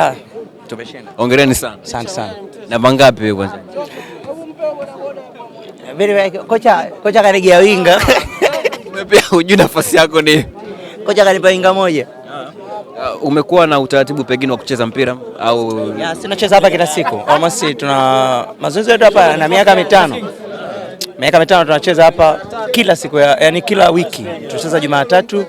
Ah, tumeshinda. Hongereni sana. Asante sana. Na wewe kwanza? Vile kocha kocha karejea winga. Umepea hujui nafasi yako ni. Kocha kanipa winga moja. Uh, umekuwa na utaratibu pengine wa kucheza mpira au sinacheza hapa kila siku. Almost tuna mazoezi yetu hapa na miaka mitano miaka mitano tunacheza hapa kila siku ya, yani kila wiki tunacheza Jumatatu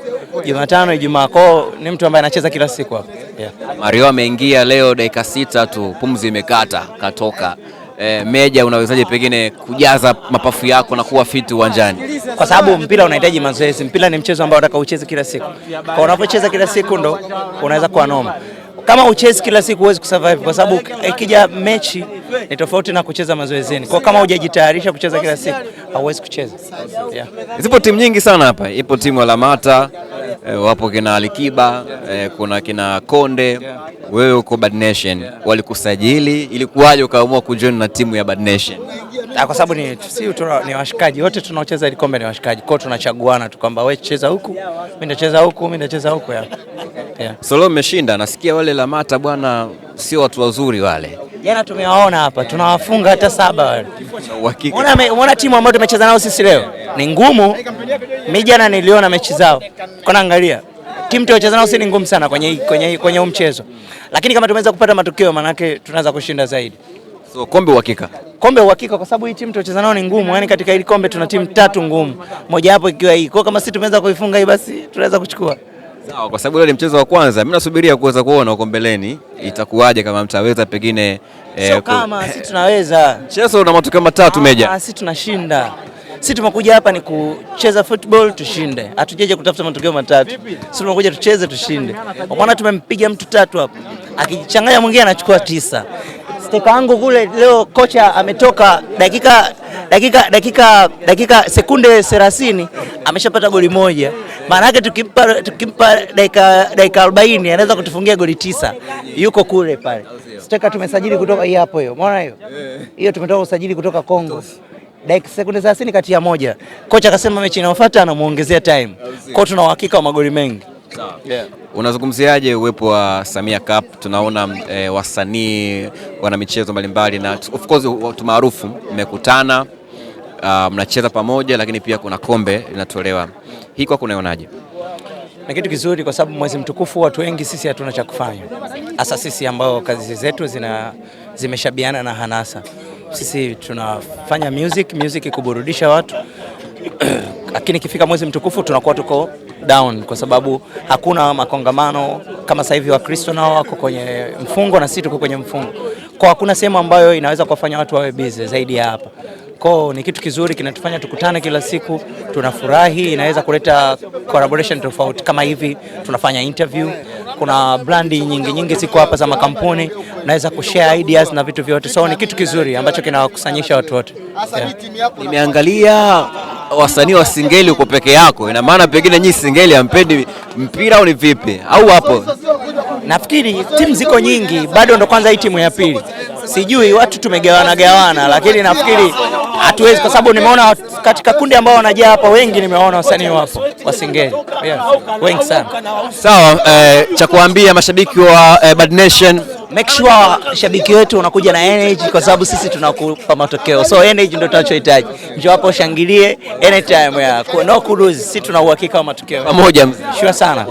Jumatano, Ijumaa kwao ni mtu ambaye anacheza kila siku hapa. Yeah. Mario ameingia leo dakika sita tu, pumzi imekata katoka. E, Meja, unawezaje pengine kujaza mapafu yako na kuwa fiti uwanjani? Kwa sababu mpira unahitaji mazoezi. Mpira ni mchezo ambao unataka ucheze kila siku, kwa unapocheza kila siku ndo unaweza kuwa noma. Kama uchezi kila siku huwezi kusurvive, kwa sababu ikija mechi ni tofauti na kucheza mazoezini. Kwa kama hujajitayarisha kucheza kila siku hauwezi kucheza. Yeah. Zipo timu nyingi sana hapa, ipo timu ya Lamata eh, wapo kina Alikiba eh, kuna kina Konde, wewe uko Bad Nation, walikusajili ilikuwaje ukaamua kujoin na timu ya Bad Nation? Ah, kwa sababu ni, si, tuna, ni washikaji wote tunaocheza ile kombe ni washikaji kwao, tunachaguana tu kwamba wewe cheza huku mimi nacheza huku mimi nacheza huku ya. Yeah. Solo umeshinda, nasikia wale Lamata bwana sio watu wazuri wale Jana tumewaona hapa, tunawafunga hata saba. Unaona timu ambayo tumecheza nao sisi leo ni ngumu. Mimi jana niliona mechi zao, kona angalia timu tuliocheza nao sisi ni ngumu sana kwenye kwenye kwenye mchezo, lakini kama tumeweza kupata matokeo, maanake tunaweza kushinda zaidi. So kombe uhakika, kombe uhakika, kwa sababu hii timu tuliocheza nao ni ngumu. Yani katika hili kombe tuna timu tatu ngumu, mojawapo ikiwa hii. Kwa kama sisi tumeweza kuifunga hii, basi tunaweza kuchukua Sawa, kwa sababu leo ni mchezo wa kwanza, mimi nasubiria kuweza kuona huko mbeleni yeah, itakuwaje kama mtaweza pengine eh, so, kama sisi tunaweza mchezo una matokeo matatu ah, meja, sisi tunashinda sisi tumekuja hapa ni kucheza football tushinde, hatujeje kutafuta matokeo matatu. Sisi tumekuja tucheze tushinde, kwa maana tumempiga mtu tatu hapo, akichanganya mwingine anachukua tisa. Steka wangu kule leo kocha ametoka dakika dakika dakika dakika sekunde 30 ameshapata goli moja. Maanake tukimpa tukimpa dakika dakika 40 anaweza kutufungia goli tisa. Yuko kule pale. Steka tumesajili kutoka hii hapo hiyo. Umeona hiyo? Hiyo tumetoka usajili kutoka Kongo. Dakika sekunde 30 kati ya moja. Kocha akasema mechi inayofuata anamuongezea time. kwao, tuna uhakika wa magoli mengi. Yeah. Unazungumziaje uwepo wa Samia Cup? Tunaona e, wasanii wana michezo mbalimbali na of course watu maarufu mmekutana uh, mnacheza pamoja, lakini pia kuna kombe linatolewa. Hii kwako unaonaje Na kitu kizuri kwa sababu mwezi mtukufu, watu wengi sisi hatuna cha kufanya, hasa sisi ambao kazi zetu zina zimeshabiana na hanasa. Sisi tunafanya music, music kuburudisha watu lakini ikifika mwezi mtukufu tunakuwa tuko down kwa sababu hakuna makongamano kama sasa hivi. Wakristo nao wako kwenye mfungo na sisi tuko kwenye mfungo, kwa hakuna sehemu ambayo inaweza kuwafanya watu wawe busy zaidi ya hapa koo ni kitu kizuri kinatufanya tukutane kila siku, tunafurahi. Inaweza kuleta collaboration tofauti kama hivi, tunafanya interview. Kuna brandi nyingi nyingi ziko hapa za makampuni, unaweza kushare ideas na vitu vyote, so ni kitu kizuri ambacho kinawakusanyisha watu wote yeah. Nimeangalia wasanii wa singeli uko peke yako, ina maana pengine nyinyi singeli hampendi mpira au ni vipi? Au hapo nafikiri timu ziko nyingi, bado ndo kwanza hii timu ya pili, sijui watu tumegawana gawana, lakini nafikiri hatuwezi, kwa sababu nimeona katika kundi ambao wanajaa hapa wengi, nimeona wasanii wapo yeah, wengi sana. Sawa, eh, cha kuambia mashabiki wa eh, Bad Nation Make sure shabiki wetu unakuja na energy kwa sababu sisi tunakupa matokeo, so energy ndio tunachohitaji. Njoo hapo shangilie anytime ya no kuruzi, sisi tuna uhakika wa matokeo pamoja, sure sana.